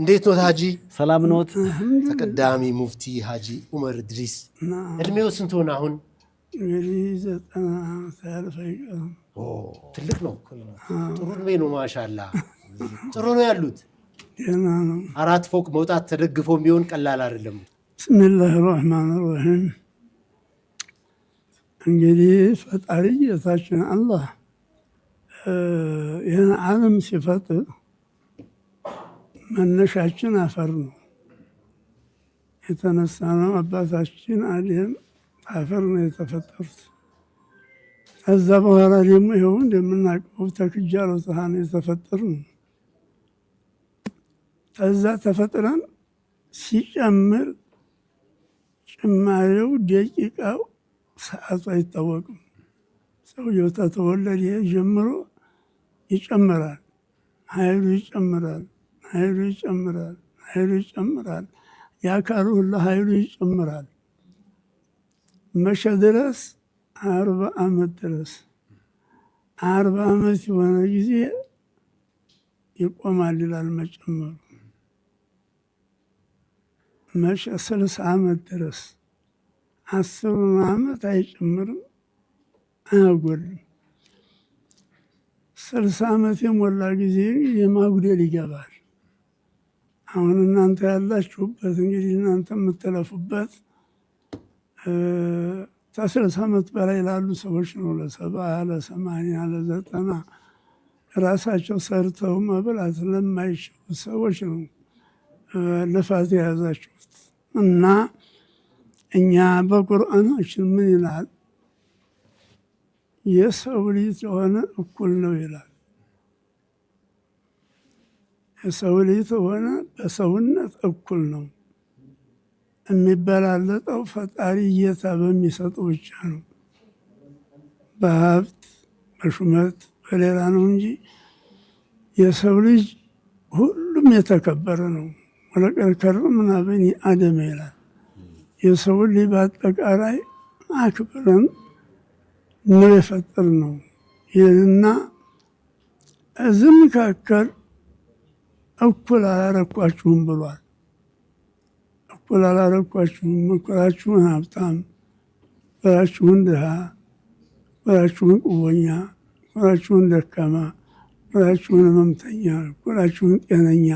እንዴት ኖት ሀጂ? ሰላም ኖት? ተቀዳሚ ሙፍቲ ሀጂ ዑመር እድሪስ እድሜው ስንት ሆነ አሁን? ትልቅ ነው። ጥሩ እድሜ ነው። ማሻላ ጥሩ ነው ያሉት። አራት ፎቅ መውጣት ተደግፎ የሚሆን ቀላል አይደለም። ብስሚላህ ራህማን ራሂም። እንግዲህ ፈጣሪ ጌታችን አላህ ይህን ዓለም ሲፈጥር መነሻችን አፈር ነው። የተነሳ ነው አባታችን አደም አፈር ነው የተፈጠሩት። ከዛ በኋላ ደግሞ ይኸው እንደምናውቀው ተክጃ ፀሐይ ነው የተፈጠር ነው። ከዛ ተፈጥረን ሲጨምር ጭማሬው ደቂቃው ሰዓቱ አይታወቅም። ሰውየው ተተወለደ ጀምሮ ይጨምራል፣ ኃይሉ ይጨምራል። ኃይሉ ይጨምራል፣ ኃይሉ ይጨምራል፣ የአካል ሁላ ኃይሉ ይጨምራል። መቼ ድረስ? አርባ ዓመት ድረስ። አርባ ዓመት የሆነ ጊዜ ይቆማል ይላል መጨመሩ። መቼ? ስልሳ ዓመት ድረስ። አስሩን ዓመት አይጨምርም አያጎልም። ስልሳ ዓመት የሞላ ጊዜ የማጉደል ይገባል። አሁን እናንተ ያላችሁበት እንግዲህ እናንተ የምትለፉበት ከስልሳ ዓመት በላይ ላሉ ሰዎች ነው። ለሰባ ለሰማንያ ለዘጠና ራሳቸው ሰርተው መብላት ለማይችሉ ሰዎች ነው ልፋት የያዛችሁት እና እኛ በቁርአናችን ምን ይላል? የሰው ልጅ የሆነ እኩል ነው ይላል። የሰው ልጅ ተሆነ በሰውነት እኩል ነው የሚበላለጠው ፈጣሪ እየታ በሚሰጡ ብቻ ነው። በሀብት በሹመት በሌላ ነው እንጂ የሰው ልጅ ሁሉም የተከበረ ነው። ወለቀድ ከረምና በኒ አደም ይላል። የሰው ልጅ በአጠቃላይ አክብረን ነው የፈጠር ነው ይህንና እዚህ መካከል እኩል አላረኳችሁም ብሏል። እኩል አላረኳችሁም፣ እኩላችሁን ሀብታም፣ እኩላችሁን ድሃ፣ እኩላችሁን ቁቦኛ፣ እኩላችሁን ደካማ፣ እኩላችሁን ህመምተኛ፣ እኩላችሁን ጤነኛ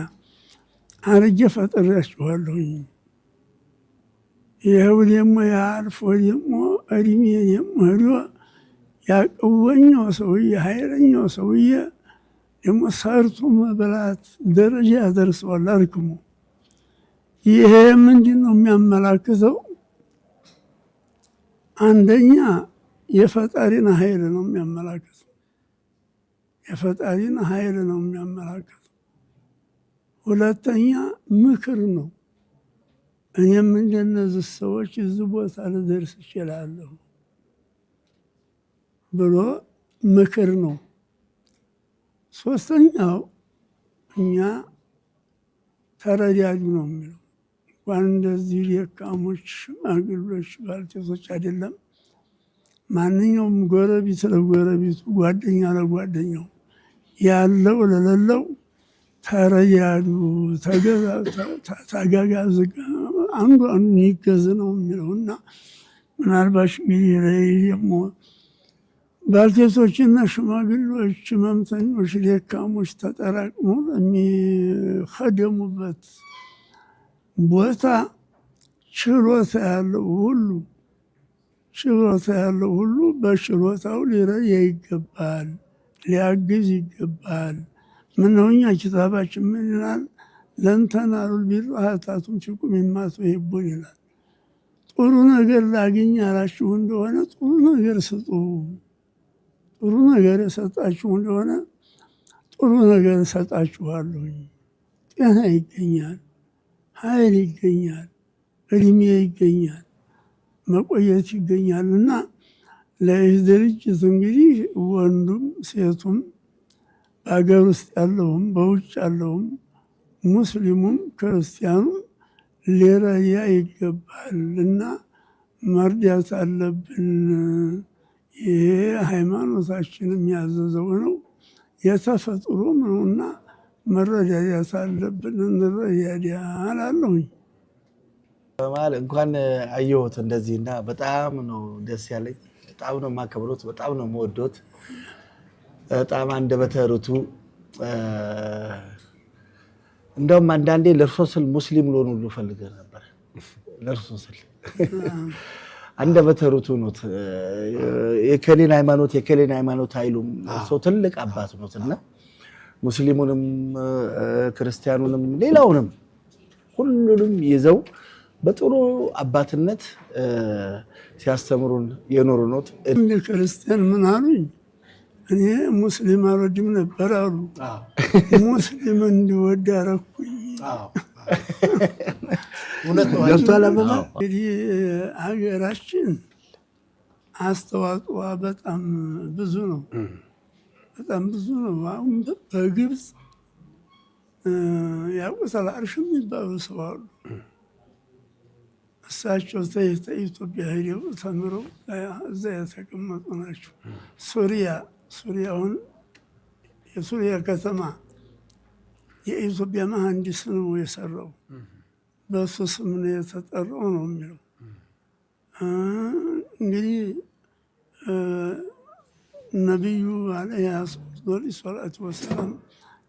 አርጌ ፈጥሬያችኋለሁኝ። ይኸው ደግሞ ያልፎ ደግሞ እድሜ ደግሞ ህዶ ያቅወኛው ሰውዬ ሀይለኛው ሰውዬ ደግሞ ሰርቶ መብላት ደረጃ ያደርሰዋል አድክሞ። ይሄ ምንድን ነው የሚያመላክተው? አንደኛ የፈጣሪን ኃይል ነው የሚያመላክተው። የፈጣሪን ኃይል ነው የሚያመላክተው። ሁለተኛ ምክር ነው። እኔም እንደነዚህ ሰዎች እዚህ ቦታ ልደርስ እችላለሁ ብሎ ምክር ነው። ሶስተኛው እኛ ተረዳዱ ነው የሚለው እንኳን እንደዚህ ደካሞች፣ ሽማግሎች፣ ባልቴቶች አይደለም ማንኛውም ጎረቤት ለጎረቤቱ ጓደኛ ለጓደኛው ያለው ለሌለው ተረያዱ ተጋጋዝ አንዱ አንዱ ይገዝ ነው የሚለው እና ምናልባሽ ሚሌ ላይ ደግሞ ባልቴቶችና ሽማግሌዎች፣ ሕመምተኞች፣ ደካሞች ተጠራቅሞ የሚከደሙበት ቦታ ችሎታ ያለው ሁሉ ችሎታ ያለው ሁሉ በችሎታው ሊረዳ ይገባል፣ ሊያግዝ ይገባል። ምነውኛ ኪታባችን ምን ይላል? ለንተናሉ ቢሮ ሀታቱም ችቁም የማቶ ይቡን ይላል። ጥሩ ነገር ላግኝ ያላችሁ እንደሆነ ጥሩ ነገር ስጡ። ጥሩ ነገር የሰጣችሁ እንደሆነ ጥሩ ነገር እሰጣችኋለሁኝ። ጤና ይገኛል፣ ኃይል ይገኛል፣ እድሜ ይገኛል፣ መቆየት ይገኛል እና ለይህ ድርጅት እንግዲህ ወንዱም ሴቱም በሀገር ውስጥ ያለውም በውጭ ያለውም ሙስሊሙም ክርስቲያኑም ሌራያ ይገባል እና መርዳት አለብን። ይሄ ሃይማኖታችንም ያዘዘው ነው የተፈጥሮም ነውና መረዳዳት አለብን። እንረዳዳ አላለሁኝ እንኳን አየሁት እንደዚህ እና በጣም ነው ደስ ያለኝ። በጣም ነው የማከብሮት፣ በጣም ነው የምወዶት። በጣም አንደበተ ርቱዕ እንደውም አንዳንዴ ለእርሶ ስል ሙስሊም ልሆን ሁሉ ፈልገ ነበር ለእርሶ ስል አንደ በተሩቱ ኖት። የከሌን ሃይማኖት የከሌን ሃይማኖት አይሉም። ሰው ትልቅ አባት ኖት እና ሙስሊሙንም ክርስቲያኑንም ሌላውንም ሁሉንም ይዘው በጥሩ አባትነት ሲያስተምሩን የኖሩ ኖት። እንደ ክርስቲያን ምን አሉኝ? እኔ ሙስሊም አልወድም ነበር አሉ። ሙስሊም እንዲወድ አረኩኝ። እውነት ነው። እንግዲህ ሀገራችን አስተዋጽኦ በጣም ብዙ ነው፣ በጣም ብዙ ነው። አሁን በግብፅ ያቆሰላ አርሽ የሚባሉ ሰው አሉ። እሳቸው ኢትዮጵያ ሄደው ተምረው እዛ የተቀመጡ ናቸው። ሱሪያ ሱሪያውን የሱሪያ ከተማ የኢትዮጵያ መሐንዲስ ነው የሰራው፣ በእሱ ስም ነው የተጠራው ነው የሚለው። እንግዲህ ነቢዩ አለይሂ ሰላቱ ወሰላም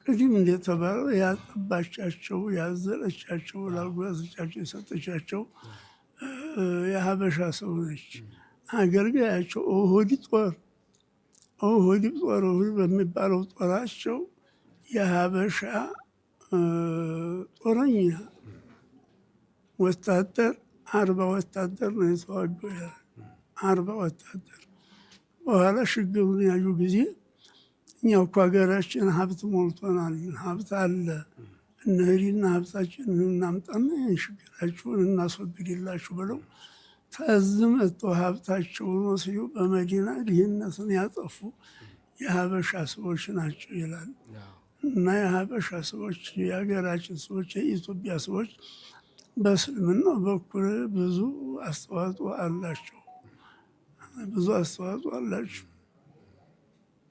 ቅድም እንደተባለው ያጠባቻቸው ያዘለቻቸው ላጎረሰቻቸው የሰጠቻቸው የሀበሻ ሰው ነች። አገልጋያቸው ኦሆዲ ጦር ኦሆዲ ጦር በሚባለው ጦራቸው የሀበሻ ጦረኛ ወታደር አርባ ወታደር ነው የተዋጉ አርባ ወታደር። በኋላ ሽግሩን ያዩ ጊዜ እኛ እኮ ሀገራችን ሀብት ሞልቶናል፣ ሀብት አለ እነህሪና ሀብታችን እናምጣና ሽግራችሁን እናስወግድላችሁ ብለው ተዝመቶ ሀብታቸውን ወስዩ በመዲና ድህነትን ያጠፉ የሀበሻ ሰዎች ናቸው ይላል። እና የሀበሻ ሰዎች የሀገራችን ሰዎች የኢትዮጵያ ሰዎች በእስልምናው በኩል ብዙ አስተዋጽኦ አላቸው። ብዙ አስተዋጽኦ አላቸው።